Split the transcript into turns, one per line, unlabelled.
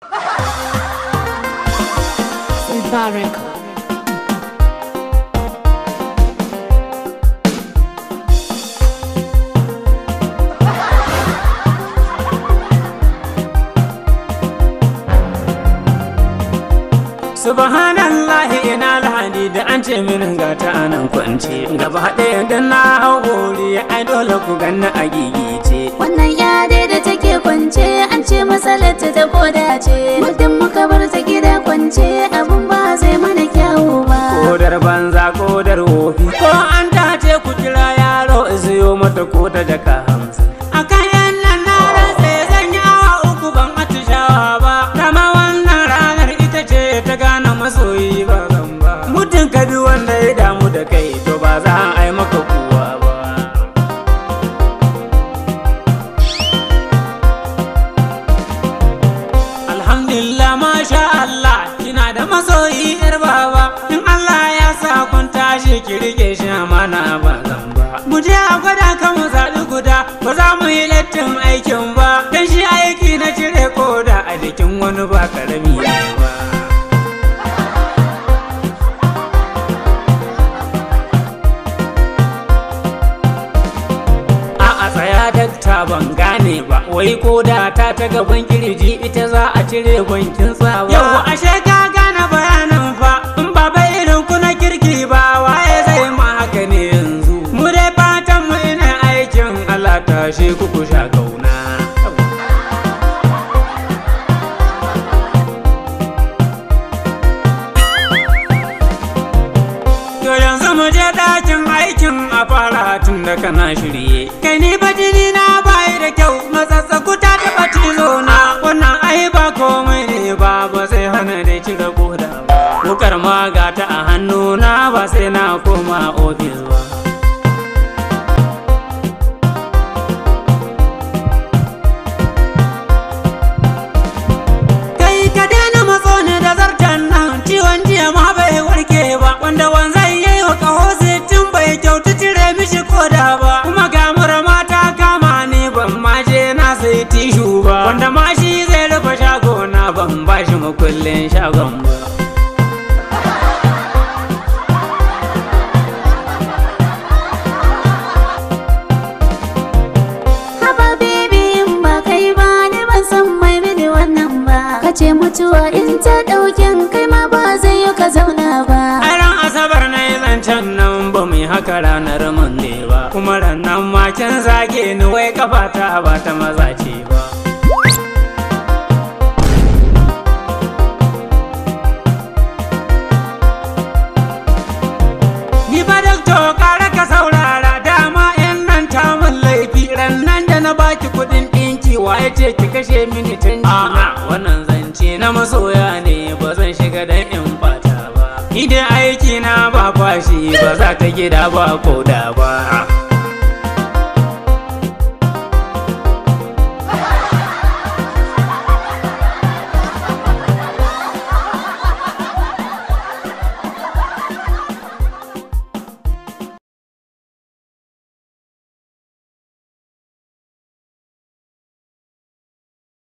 subhanallahi Subhanallah ina lahadi da an ce min ga ta anan kwanci gaba ɗaya da na hau ai dole ku ganna a gigice. Wannan ya halarta ta koda ce muddin muka bar ta gida kwance abun ba zai mana kyawu ba kodar banza kodar wo arziki yar baba in Allah ya sa kun tashi ki rike shi amana ba zan ba mu je a gwada kan mu zaɓi guda ba za mu yi lattin aikin ba dan shi aiki na cire koda a jikin wani ba karami ba ban gane ba wai ko da ta ta gaban kirji ita za a cire bankin tsawa yau a shekara tashe kuku sha kauna To yanzu mu je aikin a fara tun da kana shirye kai ni ba jini na bayi da kyau matsatsaku ta taɓa cizo na wannan ai ba komai ne ba ba sai hana da cire koda ba wukar ma gata a hannu na ba sai na koma ofis ba sai tishu ba wanda ma shi zai rufa shago na ban ba shi makullin shagon ba ce mutuwa in ta ɗauken kai ma ba zai yi ka zauna ba. A ran asabar na yi zancen nan ba mu yi haka ranar maran nan makin zage ni wai kafata ba ta maza ce ba ni ba dakto kare ka saurara dama in nan ta mun laifi ran nan da na baki kudin ɗinki waye ce ki kashe mini tun a'a wannan zance na masoya ne ba zan shiga da in bata ba Idan aiki na ba fashi ba za ta gida ba ko da ba